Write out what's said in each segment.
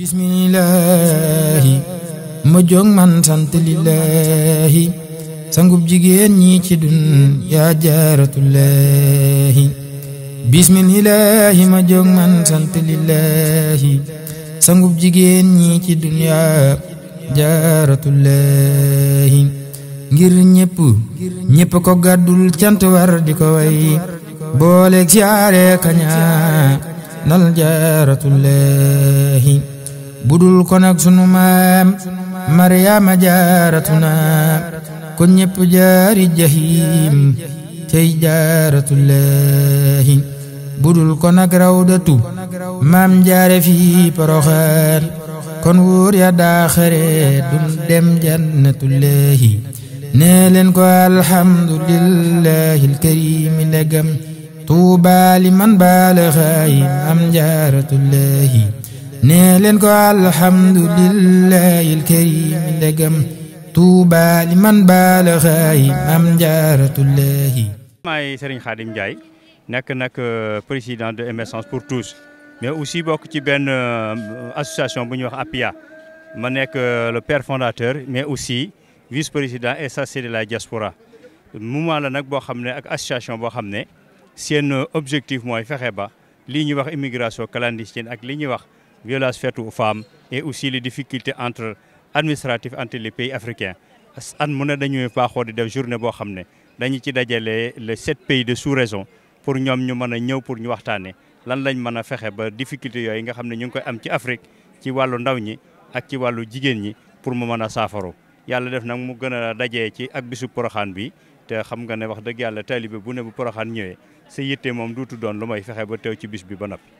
bismillaahi ma jóg man sant lillaahi sangub jigéen ñi ci dun yaa jaaratullaahi bismillaahi ma jóg man sant lillaahi sangub jigéen ñi ci dun yaa jaaratullaahi ngir ñépp ñépp ko gàddul cant war di ko way booleeg siyaare kaña nal jaaratullaahi budul ko nag sunu maam maryaama jaaratuna kon ñépp jaari jahim tey jaaratullahi budul ko nag rawdatu maam jaare fi poroxaan kon wóor ya daaxare dun dem jannatullahi nee leen ko alhamdulillahi alkarimi ndegam tuubaali man baalaxaayim am jaaratullahi nee leen ko alhamdulillahi alkarim ndegam tuuba li man baalaxaayi maam jaaratullahi maay Serigne Khadim Ndiaye nekk nag euh, président de Émergence pour tous mais aussi bokk ci benn euh, association bu ñuy wax APIA ma nekk euh, le père fondateur mais aussi vice-président et chargé de la diaspora mouvement la nag boo xam ne ak association boo xam ne seen objectif mooy fexe ba lii ñuy wax immigration clandestine ak li ñuy wax violence faite aux femmes et aussi les difficultés entre administratives entre les pays africains an mu ne dañuy paaxoo di def journée boo xam ne dañu ci dajale les sept pays de sous-région pour ñoom ñu mën a ñëw pour ñu waxtaanee lan lañ mën a fexe ba difficulté yooyu nga xam ne ñu ngi koy am ci Afrique ci wàllu ndaw ñi ak ci wàllu jigéen ñi pour mu mën a saafaro yàlla def nag mu gën a dajee ci ak bisu poroxaan bi te xam nga ne wax dëgg yàlla taalibe bu ne poroxaan ñëwee sa yitte moom duutu doon lu may fexe ba teew ci bis bi ba noppi.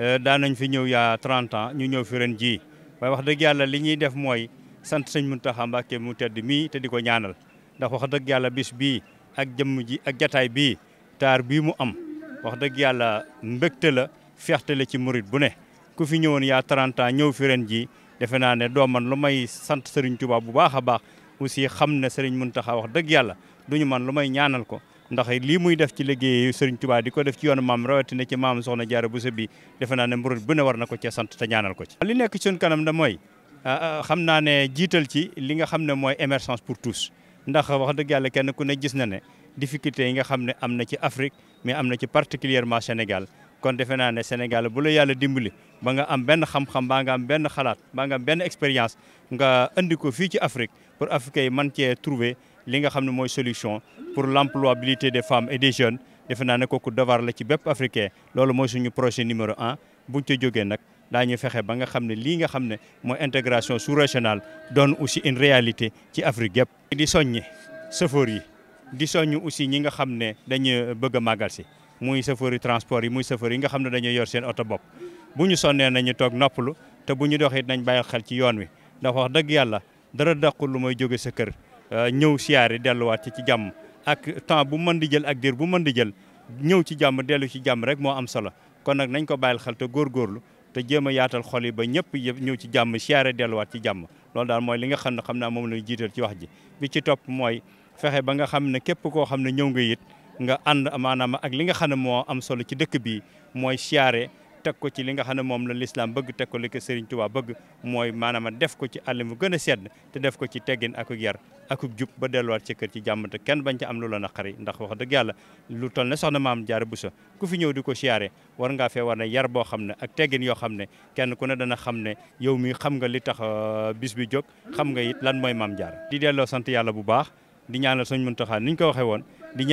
Euh, daan nañ fi ñëw yaa 30 ñu ñëw fi ren jii waaye wax dëgg yàlla li ñuy def mooy sant sëñ Muntaxa Mbàkke mu tedd mii te di ko ñaanal ndax wax dëgg yàlla bis bii ak jëmm ji ak jataay bii taar bii mu am wax dëgg yàlla mbégte la feexte la ci murit bu ne ku fi ñëwoon yaa 30 ñëw fi ren jii defe naa ne doo man lu may sant Serigne Touba bu baax a baax aussi xam ne Serigne Muntaxa wax dëgg yàlla duñu man lu may ñaanal ko ndax lii muy def ci liggéey Serigne Touba di ko def ci yoonu maam rawatina ci maam soxna Jaara Buso bi defe naa ne murid bu ne war na ko cee sant te ñaanal ko ci li nekk ci suñ kanam da mooy ah, ah, xam naa ne jiital ci li nga xam ne mooy émergence pour tous ndax wax dëgg yàlla kenn ku ne gis na ne difficulté yi nga xam ne am na ci Afrique mais am na ci particulièrement Sénégal kon defe naa ne Sénégal bu la yàlla dimbali ba nga am benn xam-xam baa nga am benn xalaat baa nga benn expérience nga andi ko fii ci Afrique pour yi mën cee trouver li nga xam ne mooy solution pour l'employabilité des femmes et des jeunes defe naa ne kooku devoir la ci bépp africain loolu mooy suñu projet numéro un buñ ca jogee nag daa daañu fexe ba nga xam ne lii nga xam ne mooy intégration sous-régionale doon aussi une réalité ci Afrique yëpp. di soññi chauffeur yi di soññ aussi ñi nga xam ne dañu bëgg a màggal si muy chauffeur yi transport yi muy chauffeur yi nga xam ne dañuy yor seen oto bopp bu ñu sonnee nañu toog noppalu te bu ñu doxee nañ bàyyi xel ci yoon wi dëgg yàlla dara dàqul lu mooy jóge sa kër. Euh, ñëw siyaare delluwaat ci ci jàmm ak temps bu mën di jël ak diir bu mën di jël ñëw ci jàmm dellu ci jàmm rek moo am solo kon nag nañ ko bàyyil xel te góor góorgóorlu te jëm a yaatal xol yi ba ñëpp yëpp ñëw ci jàmm siyaare delluwaat ci jàmm loolu daal mooy li nga xam ne xam naa moom la jiital ci wax ji bi ci topp mooy fexe ba nga xam ne képp koo xam ne ñëw nga it nga ànd maanaam ak li nga xam moo am solo ci dëkk bi mooy siyaare teg ko ci li nga xam ne moom la lislaam bëgg teg ko li ko Serigne Touba bëgg mooy maanaam def ko ci àll mu gën a sedd te def ko ci teggin akuk yar akuk jub ba delluwaat ci kër ci jàmm kenn bañ ca am lu la naqari ndax wax dëgg yàlla lu toll ne soxna maam jaara Buso ku fi ñëw di ko siyaare war nga fee war na yar boo xam ne ak teggin yoo xam ne kenn ku ne dana xam ne yow mi xam nga li tax euh, bis bi jóg xam nga lan mooy maam jaara di delloo sant yàlla bu baax di ñaanal suñ Muntaxa niñ ko waxee woon di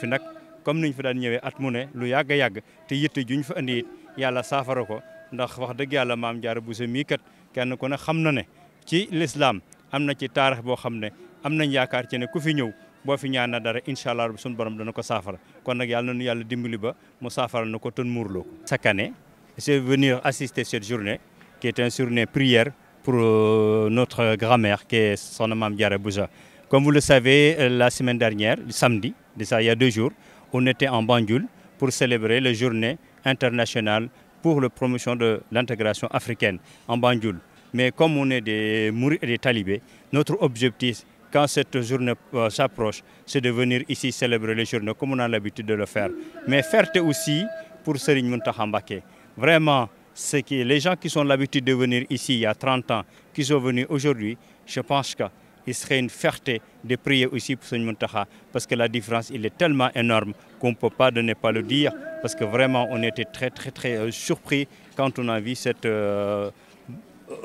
fi nag comme niñ fa daan ñëwee at mu ne lu yàgg a yàgg te yitte juñ fa andi it yàlla saafara ko ndax wax dëgg yàlla maam jaara Buso mii kat kenn ku ne xam na ne ci lislaam am na ci taarix boo xam ne am nañ yaakaar ci ne ku fi ñëw boo fi ñaan na dara incha allah suñu borom dana ko saafara kon nag yàlla na nu yàlla dimbali ba mu saafara na ko tën muurloo loo chaque année c'est venir assister cette journée qui est une journée prière pour euh, notre grand-mère qui est Sokhna Mame Diarra Bousso. Comme vous euh, la semaine dernière, samedi, de jours, on était en Banjul pour célébrer la journée internationale pour la promotion de l'intégration africaine en Banjul. Mais comme on est des Mouris et des Talibés, notre objectif, quand cette journée euh, s'approche, c'est de venir ici célébrer les journées comme on a l'habitude de le faire. Mais fierté aussi pour Serigne Mountakha Mbacké. Vraiment, c'est que les gens qui sont l'habitude de venir ici il y a 30 ans, qui sont venus aujourd'hui, je pense que il serait une fierté de prier aussi pour Seigneur Muntaha, parce que la différence, il est tellement énorme qu'on ne peut pas de pas le dire, parce que vraiment, on était très, très, très euh, surpris quand on a vu cette euh,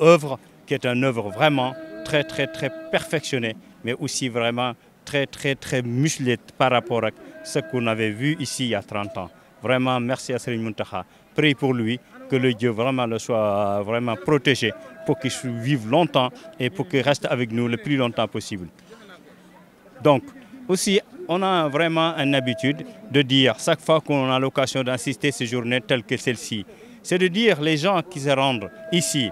œuvre, qui est une œuvre vraiment très, très, très mais aussi vraiment très, très, très musclée par rapport à ce qu'on avait vu ici il y a 30 ans. Vraiment, merci à Seigneur Muntaha. Priez pour lui, que le Dieu vraiment le soit vraiment protégé pour qu'il vive longtemps et pour qu'il reste avec nous le plus longtemps possible. Donc, aussi, on a vraiment une habitude de dire, chaque fois qu'on a l'occasion d'assister à ces journées telles que celle-ci, c'est de dire les gens qui se rendent ici,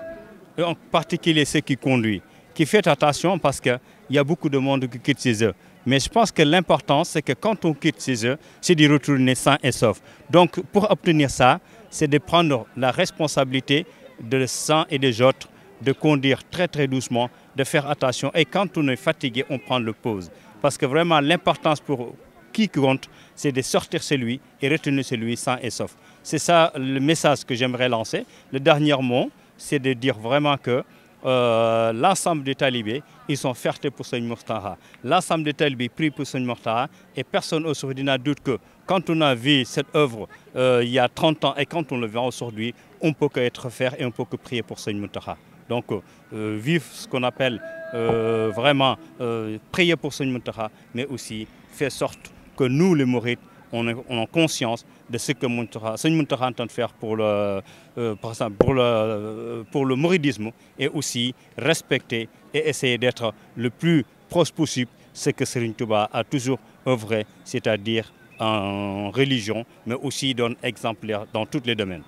en particulier ceux qui conduisent, qui font attention parce qu'il y a beaucoup de monde qui quitte chez eux. Mais je pense que l'important, c'est que quand on quitte chez eux, c'est d'y retourner sain et sauf. Donc, pour obtenir ça, c'est de prendre la responsabilité de sang et des autres, de conduire très très doucement, de faire attention. Et quand on est fatigué, on prend le pause. Parce que vraiment, l'importance pour qui compte, c'est de sortir celui et retenir celui sain et sauf. C'est ça le message que j'aimerais lancer. Le dernier mot, c'est de dire vraiment que euh, l'ensemble des talibés, ils sont fiertés pour Seigneur Mokhtar. L'ensemble des talibés prient pour Seigneur Mokhtar et personne aujourd'hui n'a doute que quand on a vu cette œuvre euh, il y a 30 ans et quand on le voit aujourd'hui, on peut qu'être fier et on peut que prier pour Seigneur Mokhtar. Donc, euh, euh, vivre ce qu'on appelle euh, vraiment euh, prier pour Seigneur Mokhtar, mais aussi faire sorte que nous, les Maurites, on est on conscience de ce que Mountakha Serigne Mountakha entend faire pour le euh, par exemple pour le euh, pour le mouridisme et aussi respecter et essayer d'être le plus proche possible ce que Serigne Touba a toujours œuvré, c'est-à-dire en religion, mais aussi donne exemplaire dans tous les domaines.